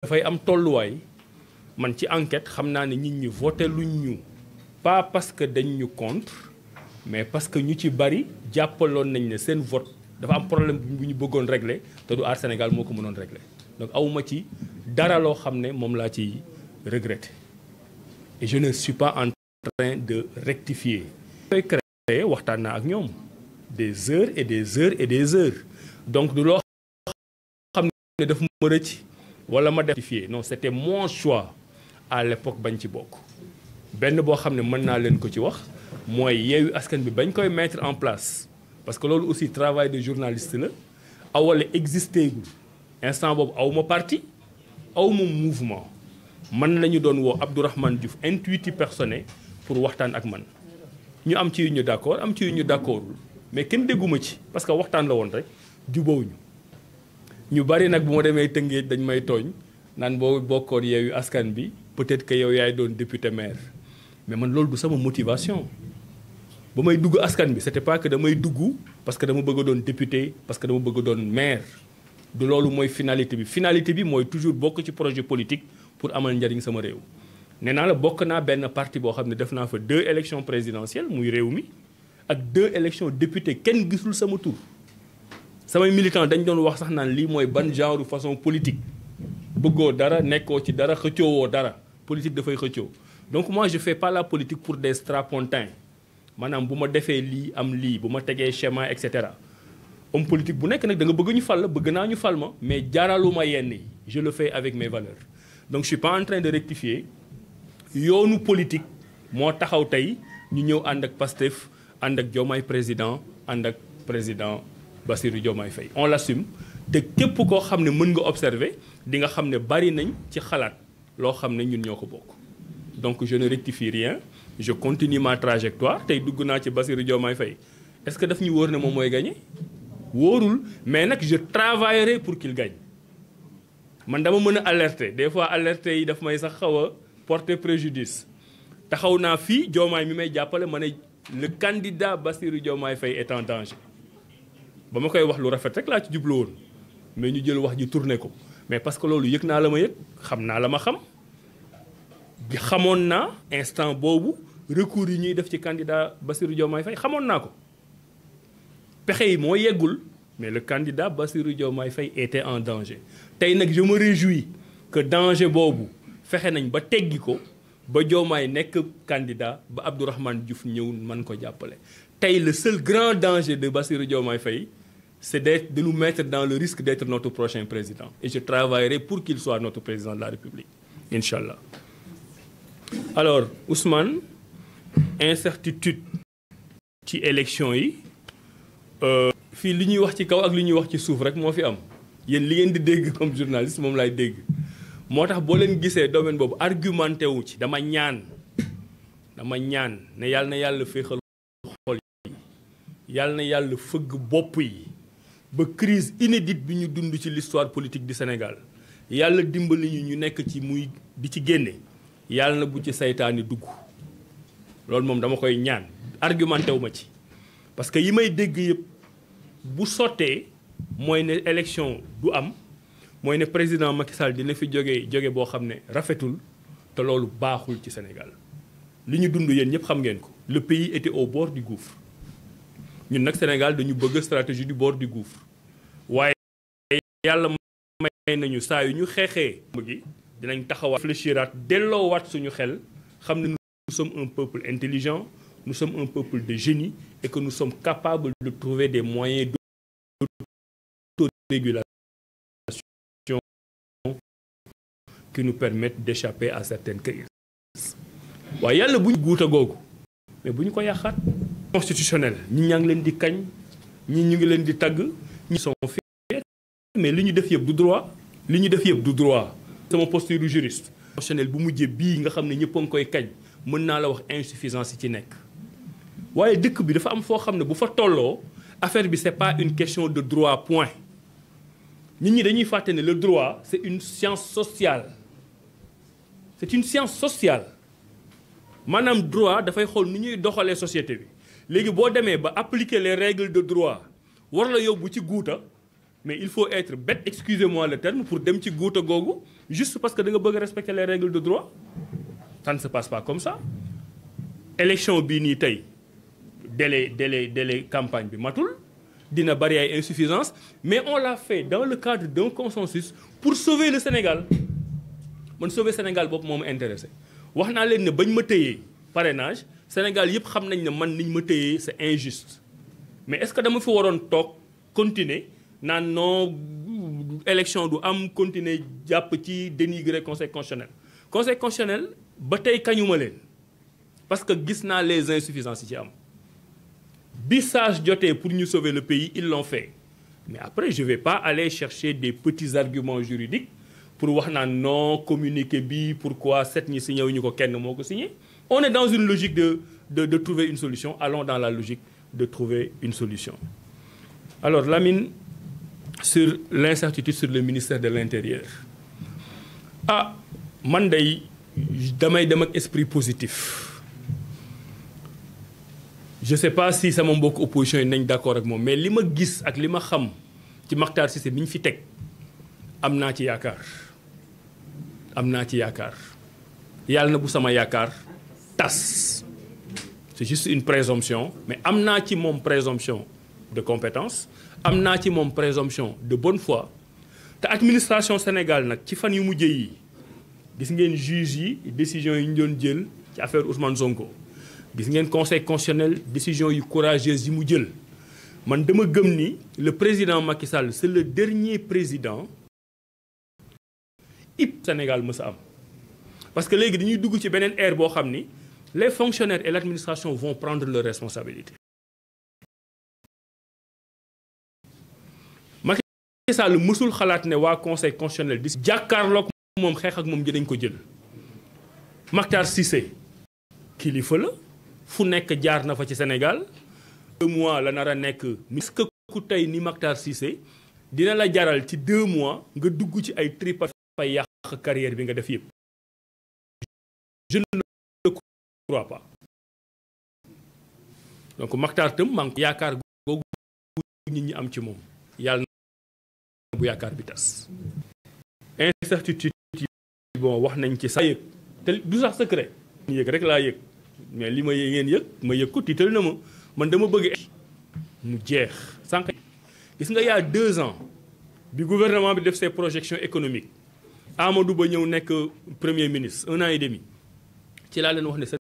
dafay am tolluwaay man ci enquête xam naa ni nit ñi voté luñ ñu pa parce que dañ ñu contre mais parce que ñu ci bari jàppaloon nañ ne seen vote dafa am problème bu ñu bëggoon régler te du aar Sénégal moo ko mënoon régle donc awuma ci dara loo xam ne moom laa ciy regretté et je ne suis en train de rectifier. koy waxtaan naa ak ñoom des heures et des heures et des heures donc du loo xam ne daf ma rëcc wala ma def non c'était mon choix à l'époque bañ ci bokk benn boo xam ne mën naa leen ko ci wax mooy yeewu askan bi bañ koy mettre en place parce que loolu aussi travail de journaliste la awale existé gu instant boobu aw ma parti aw ma mouvement man lañu doon woo Abdourahmane Diouf intuiti personné pour waxtaan ak man ñu am ci yu ñu d'accord am ci yu ñu d'accordul mais kenn dégguma ci parce que waxtaan la woon rek jubawuñu ñu bari nag bu ma demee Tëngéej dañ may tooñ naan boo bokkoon Yewwi Askan bi peut-être que yow yaay doon député maire mais man loolu du sama motivation ba may dugg askan bi c'était pas que damay dugg parce que dama bëgg doon député parce que dama bëgg doon maire du loolu mooy finalité bi finalité bi mooy toujours bokk ci projet politique pour amal njariñ sama réew nee naa la bokk naa benn partie boo xam ne def naa fa deux élections présidentielles muy réew ak deux élections député kenn gisul sama tur samay militant dañu doon wax sax naan lii mooy ban genre façon politique bëggoo dara nekkoo ci dara xëccoowoo dara politique dafay xëccoo donc moi je fais pas la politique pour des strapontins maanaam bu ma defee lii am lii bu ma tegee schéma et cetera homme politique bu nekk nag da nga bëgg ñu fal la bëgg naa ñu fal ma mais jaaralu ma yenn yi je le fais avec mes valeurs donc je suis pas en train de rectifier yoonu politique moo taxaw tey ñu ñëw ànd ak Pastef ànd ak Diomaye président ànd ak président Bassirou Diomaye fay on l'assume te képp koo xam ne mën nga observer di nga xam ne bari nañ ci xalaat loo xam ne ñun ñoo ko bokk donc je ne rectifie rien je continue ma trajectoire tey dugg naa ci Bassirou Diomaye Faye est-ce que daf ñu wóor ne moom mooy gagné wóorul mais nag je travaillerai pour kil gagne man dama mën a alerter des fois alerter yi daf may sax xaw a porter préjudice taxaw naa fii Diomaye mi may jàppale ma ne le candidat Bassirou Diomaye Faye est en danger ba ma koy wax lu rafet rek laa ci jublu woon mais ñu jël wax ji tourné ko mais parce que loolu yëg naa la ma yëg xam naa la ma xam xamoon naa instant boobu recours yi ñuy def ci candidat Bassirou Diomaye fay xamoon naa ko pexe yi moo yeggul mais le candidat Bassirou Diomaye fay était en danger tey nag je me que danger boobu fexe nañ ba teggi ko ba Diomaye nekk candidat ba Abdourahmane Diouf ñëw man ko jàppale tey le seul grand danger de Bassirou Diomaye Faye c'est de nous mettre dans le risque d'être notre prochain président. Et je travaillerai pour qu'il soit notre président de la République, Inch'Allah. Alors, Ousmane, incertitude ci élection yi euh, fii li ñuy wax ci kaw ak li ñuy wax ci suuf rek moo fi am yéen li ngeen di dégg comme journaliste moom laay dégg moo tax boo leen gisee domaine boobu argumenté ci dama ñaan dama ñaan ne yàlla na yàlla féexal xol na yàlla fëgg bopp yi ba crise inédite bi ñu dund ci l'histoire politique du senegal yàlla dimbali ñu ñu nekk ci muy di ci génne yàlla na bu ci saytaani dugg loolu moom dama koy ñaan argumenté wu ma ci parce que yi may dégg yëpp bu sottee mooy ne élection du am mooy ne président Macky Sall dina fi jóge jóge boo xam ne rafetul te loolu baaxul ci Sénégal li ñu dund yéen ñëpp xam ngeen ko le pays était au di guuf ñun nag Sénégal dañu bëgg stratégie du bord du gouffre waaye yàlla may nañu saa yu ñu xeexee gi dinañ taxawaat réfléchiraat delloowaat suñu xel xam ne nous sommes un peuple intelligent nous sommes un peuple de génie et que nous sommes capables de trouver des moyens d'autorégulation qui nous permettent d'échapper à certaines crises waaye yàlla bu guuta googu mais bu ko yàqaat constitutionnel ñi ñaa ngi leen di kañ ñi ñu ngi leen di tagg ñi sont fiers mais li ñu def yëpp du droit li ñu def yëpp du droit sama posture du juriste bu mujjee bii nga xam ne ñëpp a ngi koy kañ mën naa la wax insuffisance yi ci nekk waaye dëkk bi dafa am foo xam ne bu fa tolloo affaire bi c'est pas une question de droit point nit ñi dañuy fàtte ne le droit c'est une science sociale c'est une science sociale maanaam droit dafay xool ni ñuy doxalee société bi léegi boo demee ba appliquer les règles de droit war la yóbbu ci guuta mais il faut être bête excusez-moi le terme pour dem ci guuta googu juste parce que da nga bëgg a respecter les règles de droit ça ne se passe comme ça élection bii nii tey délai délai délai campagne bi matul dina bari ay insuffisance mais on l'a fait dans le cadre d'un consensus pour sauver le Sénégal man sauver Sénégal boobu moom intéressé wax naa leen ne bañ ma tëyee parrainage Sénégal yëpp xam nañ ne man niñ ma téyee c'est injuste mais est-ce que dama fi waroon toog continuer naan non élection du am continuer jàpp ci dénigrer conseil constitutionnel. conseil ba tey kañuma leen parce que gis naa les insuffisances yi ci am bi sage jotee pour ñu soovee le pays ils l'ont fait mais après je vais pas aller chercher des petits arguments juridiques pour wax naan non communiqué bi pourquoi set ñi signé wu ñu ko kenn moo ko signé. On est dans une logique de, de, de trouver une solution. Allons dans la logique de trouver une solution. Alors, Lamine, sur l'incertitude sur le ministère de l'Intérieur. Ah, man day damay dem ak esprit positif. Je sais pas si sama mbokk opposition yi nañ d'accord ak moom mais li ma gis ak li ma xam ci Makhtar Cissé bi ñu fi teg am naa ci yaakaar am naa ci yaakaar yàlla na bu sama yaakaar tas c'est juste une présomption mais am naa ci moom présomption de compétence am naa ci moom présomption de bonne foi te administration Sénégal nag ci fan yu mujj yi gis ngeen juge yi décision yi ñu doon jël ci affaire Ousmane Sonko gis ngeen conseil constitutionnel décision yu courageuse yi mu jël man dama gëm ni le président Macky Sall c'est le dernier président ip Sénégal mës am parce que léegi dañuy dugg ci beneen ère boo xam ni les fonctionnaires et l'administration vont prendre leurs responsabilités. Macky mësul xalaat ne waa conseil constitutionnel di jàkkaarloog moom xeex ak moom ji dañ ko jël Makhtar Cissé kilifa la fu nekk jaar na fa ci Sénégal deux mois la nar a nekk est ku tey ni Makhtar Cissé dina la jaral ci deux mois nga dugg ci ay tripa fay yàq carrière bi nga def yëpp crois pas donc Makhtar tam maa yaakaar googu nit ñi am ci moom yàlla na bu yaakaar bi tas incertitude yi bon wax nañ ci saa yëg te du sax secret yëg rek laa yëg mais li ma yéegeen yëg ma yëg ko tiital na ma man dama bëgg mu jeex sànq gis nga yaa deux ans bi gouvernement bi def see projections économique Amadou Ba ñëw nekk premier ministre un an et ci laa leen wax ne